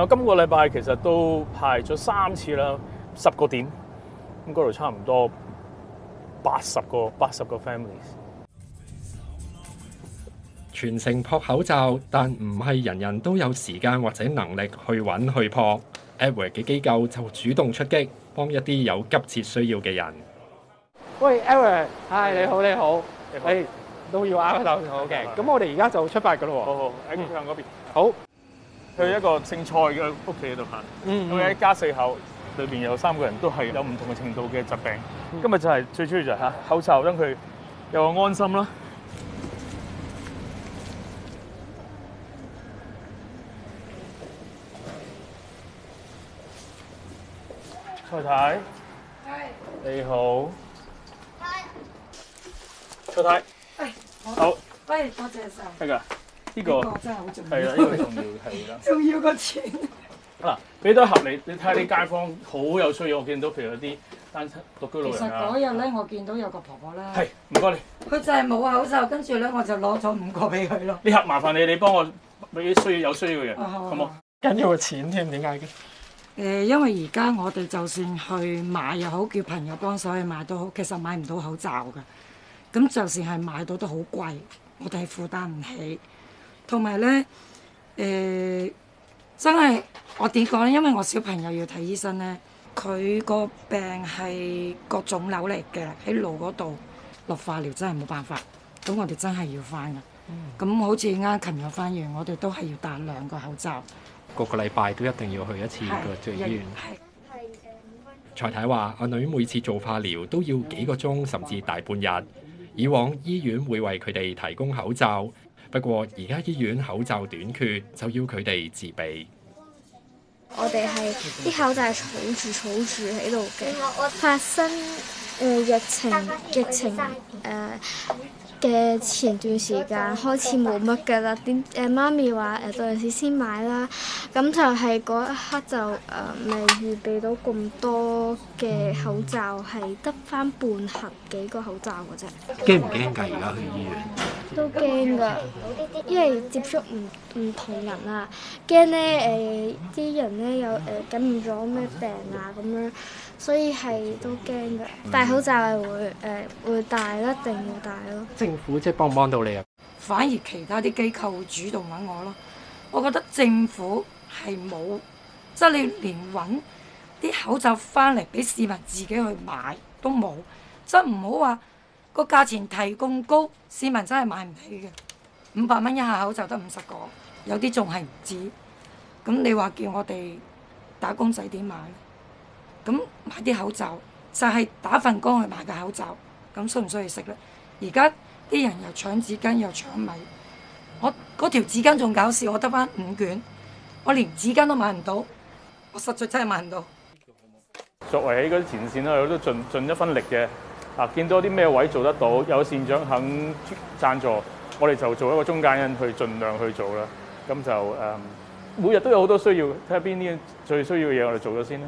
我今個禮拜其實都排咗三次啦，十個點咁嗰度差唔多八十個八十個 families。全城撲口罩，但唔係人人都有時間或者能力去揾去撲。Edward 嘅機構就主動出擊，幫一啲有急切需要嘅人。喂，Edward，係你好，你好，你都要啱手，好嘅。咁我哋而家就出發噶啦喎。好好，喺對、嗯、向嗰邊。好。去一個姓蔡嘅屋企度行，咁樣一家四口，裏邊有三個人都係有唔同嘅程度嘅疾病。今日就係最主要就係嚇，口罩等佢又話安心啦。蔡太，你好，蔡太，好，喂，多謝曬，係㗎。呢、這個、個真係好重要，係啦，重、這個、要要個錢。嗱、啊，俾多盒你，你睇下啲街坊好有需要，我見到譬如有啲單身獨居老人家、啊。其實嗰日咧，啊、我見到有個婆婆啦。係，唔該你。佢就係冇口罩，跟住咧，我就攞咗五個俾佢咯。呢盒麻煩你，你幫我俾需要有需要嘅人，啊、好冇嗎？緊要個錢添，點解嘅？誒，因為而家我哋就算去買又好，叫朋友幫手去買都好，其實買唔到口罩㗎。咁就算係買到都好貴，我哋係負擔唔起。同埋咧，誒、呃、真係我點講咧？因為我小朋友要睇醫生咧，佢個病係個腫瘤嚟嘅，喺腦嗰度落化療真係冇辦法。咁我哋真係要翻噶。咁、嗯嗯、好似啱琴日翻完，我哋都係要戴兩個口罩。個個禮拜都一定要去一次個中醫院。財太話：阿女每次做化療都要幾個鐘，甚至大半日。以往醫院會為佢哋提供口罩。不過而家醫院口罩短缺，就要佢哋自備。我哋係啲口罩係儲住儲住喺度嘅。發生誒、呃、疫情疫情誒嘅、呃、前段時間開始冇乜㗎啦。點誒媽咪話誒、呃、到陣時先買啦。咁就係嗰一刻就誒、呃、未預備到咁多嘅口罩，係得返半盒幾個口罩嘅啫。驚唔驚㗎？而家去醫院？都驚㗎，因為接觸唔唔同人啊，驚咧誒啲人咧又誒感染咗咩病啊咁樣，所以係都驚㗎。戴口罩係會誒呃會戴咯，一定要戴咯。政府即係幫唔幫到你啊？反而其他啲機構會主動揾我咯。我覺得政府係冇，即係你連揾啲口罩翻嚟俾市民自己去買都冇，即係唔好話。個價錢提供高，市民真係買唔起嘅。五百蚊一下口罩得五十個，有啲仲係唔止。咁你話叫我哋打工仔點買咧？咁買啲口罩就係、是、打份工去買嘅口罩。咁需唔需要食呢？而家啲人又搶紙巾，又搶米。我嗰條紙巾仲搞笑，我得翻五卷，我連紙巾都買唔到，我實在真係買唔到。作為喺嗰啲前線啦，我哋都盡盡一分力嘅。啊！見到啲咩位做得到，有善長肯贊助，我哋就做一個中間人去盡量去做啦。咁就誒、嗯，每日都有好多需要，睇下邊啲最需要嘅嘢，我哋做咗先啦。